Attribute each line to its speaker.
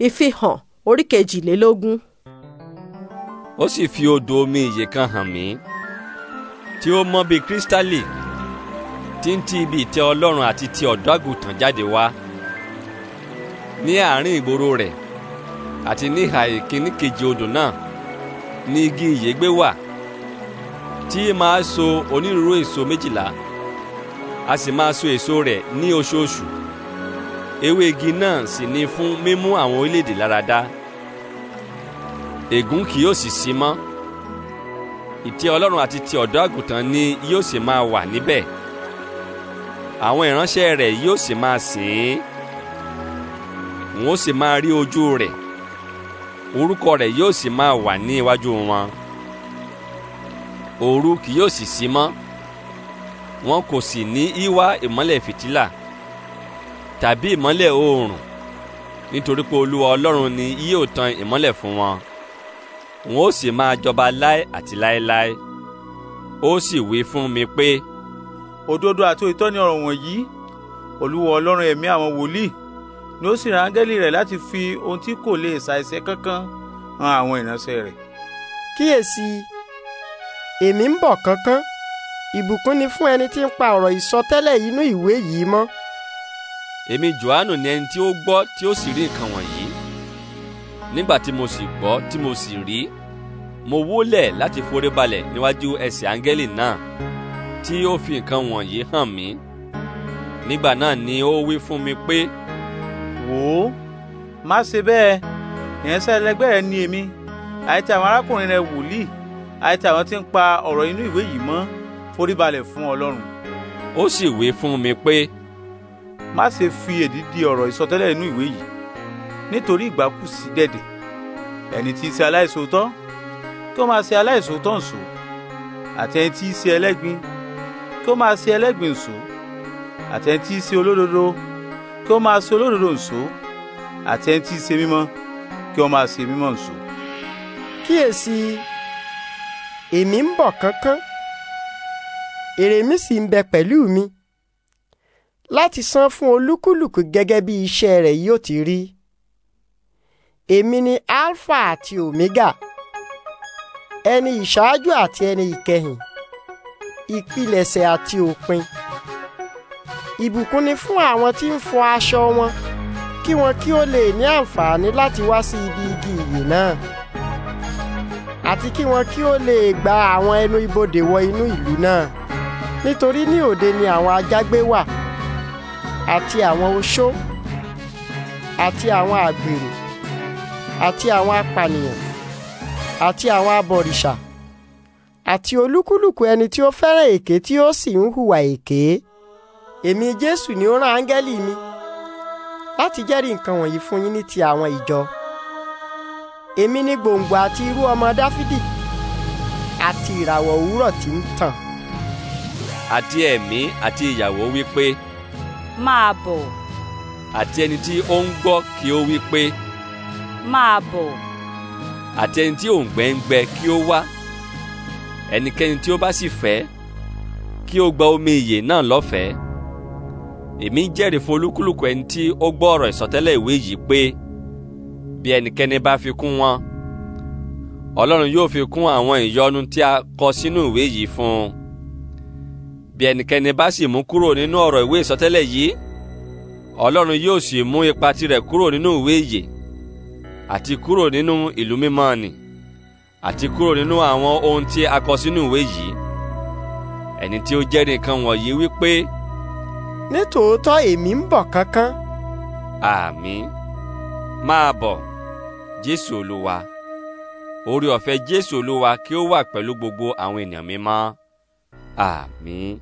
Speaker 1: ìfihàn orí kejìlélógún. ó sì fi odò omi ìyè kan hàn mí tí ó mọ́ bíi kírísítálì tí ń ti ibi ìtẹ́ ọlọ́run àti ti ọ̀dọ́ àgùntàn jáde wá ní àárín ìgboro rẹ̀ àti níhà ìkíní kejì odò náà ní igi ìyè gbé wà tí máa so onírúurú èso méjìlá a sì máa so èso rẹ̀ ní oṣooṣù ewé igi náà sì ni fún mímú àwọn orílẹ̀-èdè láradá ègún kì yóò sì sí mọ́ ìtẹ́ ọlọ́run àti ti ọ̀dọ́ àgùntàn ni yóò sì máa wà níbẹ̀ àwọn ìránṣẹ́ rẹ̀ yóò sì máa sìn ín wọn ó sì máa rí ojú rẹ̀ orúkọ rẹ̀ yóò sì máa wà ní iwájú wọn òru kì yóò sì sí mọ́ wọn kò sì ní í wá ìmọ́lẹ̀ fìtílà tàbí ìmọ́lẹ̀ oòrùn nítorí pé olúwa ọlọ́run ni yóò tan ìmọ́lẹ̀ fún wọn wọn ó sì máa jọba láé àti láéláé ó sì wí fún mi pé. òdodo àti òtítọ́
Speaker 2: ni ọ̀rọ̀ wọ̀nyí olúwa ọlọ́run ẹ̀mí àwọn wòlíì ni ó sì rán áńgẹ́lì rẹ̀ láti fi ohun tí kò lè ṣàìṣe kankan hàn àwọn ìránṣẹ́ rẹ̀.
Speaker 3: kíyèsí èmi ń bọ̀ kánkán ìbùkún ni fún ẹni tí ń pa ọ̀rọ̀ ìsọtẹ́lẹ̀ inú ìwé yìí mọ́
Speaker 1: èmi Jòhánù ni ẹni tí ó gbọ́ tí ó sì rí nǹkan wọ̀nyí nígbà tí mo sì gbọ́ tí mo sì rí mo wólẹ̀ láti forí balẹ̀ níwájú ẹsẹ̀ áńgẹ́lì náà tí ó fi nǹkan wọ̀nyí hàn mí nígbà náà ni ó wí fún mi pé. wò ó
Speaker 2: má ṣe bẹ́ẹ̀ ìránṣẹ́ ẹlẹgbẹ́ rẹ ni èmi àti àwọn arákùnrin rẹ wòlíì àti àwọn tí ń pa ọ̀rọ̀ inú ìwé yìí mọ́ forí balẹ̀ fún Ọlọ́run. ó sì wí fún mi pé má ṣe fi èdí di ọ̀rọ̀ ìsọtẹ́lẹ̀ inú ìwé yìí nítorí ìgbà kù sí dẹ̀dẹ̀ ẹni tí í ṣe aláìṣòótọ́ kí ó máa ṣe aláìṣòótọ́ ǹṣó àti ẹni tí í ṣe ẹlẹ́gbin kí ó máa ṣe ẹlẹ́gbin ǹṣó àti ẹni tí í ṣe olódodo kí ó máa ṣe olódodo ǹṣó àti ẹni tí í ṣe mímọ́ kí ó máa ṣe mímọ́ ǹṣó.
Speaker 3: kíyèsí èmi ń bọ̀ kánkán èrè mi sì ń bẹ pẹ̀lú mi. Si láti san fún olúkúlùkù gẹ́gẹ́ bí iṣẹ́ rẹ̀ yóò ti rí èmi ni alpha àti omega ẹni ìṣáájú àti ẹni ìkẹyìn ìpilẹ̀ṣẹ̀ àti òpin ìbùkún ni fún àwọn tí ń fọ aṣọ wọn kí wọn kí ó lè ní àǹfààní láti wá sí ibi igi ìyè náà àti kí wọn kí ó lè gba àwọn ẹnu ibodè wọ inú ìlú náà nítorí ní òde ni àwọn ajágbé wà àti àwọn oṣó àti àwọn àgbèrè àti àwọn apànìyàn àti àwọn abọ̀rìṣà àti olúkúlùkù ẹni tí ó fẹ́ràn èké tí ó sì ń hùwà èké èmi Jésù ni ó rán áńgẹ́lì mi láti jẹ́rìí nǹkan wọ̀nyí fún yín ní ti àwọn ìjọ èmi ni gbòǹgbò àti irú ọmọ Dáfídì àti ìràwọ̀ òwúrọ̀ tí ń tàn.
Speaker 1: àti ẹ̀mí àti ìyàwó wí pé
Speaker 3: máa bọ̀.
Speaker 1: àti ẹni tí ó ń gbọ́ kí ó wí pé. máa bọ̀. àti ẹni tí òǹgbẹ ń gbẹ kí ó wá. ẹnikẹ́ni tí ó bá sì fẹ́ kí ó gba omi ìyè náà lọ́fẹ̀ẹ́. èmi ń jẹ́rìí fún ẹni tí ó gbọ́ ọ̀rọ̀ ìsọtẹ́lẹ̀ ìwé yìí pé bí ẹnikẹ́ni bá fi kún wọn ọlọ́run yóò fi kún àwọn ìyọnu tí a kọ sínú ìwé yìí fún un bí ẹnikẹ́ni bá sì mú kúrò nínú ọ̀rọ̀ ìwé ìsọtẹ́lẹ̀ yìí ọlọ́run yóò sì mú ipa tirẹ̀ kúrò nínú ìwé ìyè àti kúrò nínú ìlú mímọ́ nì àti kúrò nínú àwọn ohun tí a kọ sínú ìwé yìí ẹni tí ó jẹ́rìí nǹkan wọ̀nyí wípé.
Speaker 3: nítòótọ́ èmi ń bọ̀ kánkán.
Speaker 1: àmín máa bọ̀ jésù olúwa oore ọ̀fẹ́ jésù olúwa kí ó wà pẹ̀lú gbogbo àwọn ènìyàn mímọ́. 阿弥。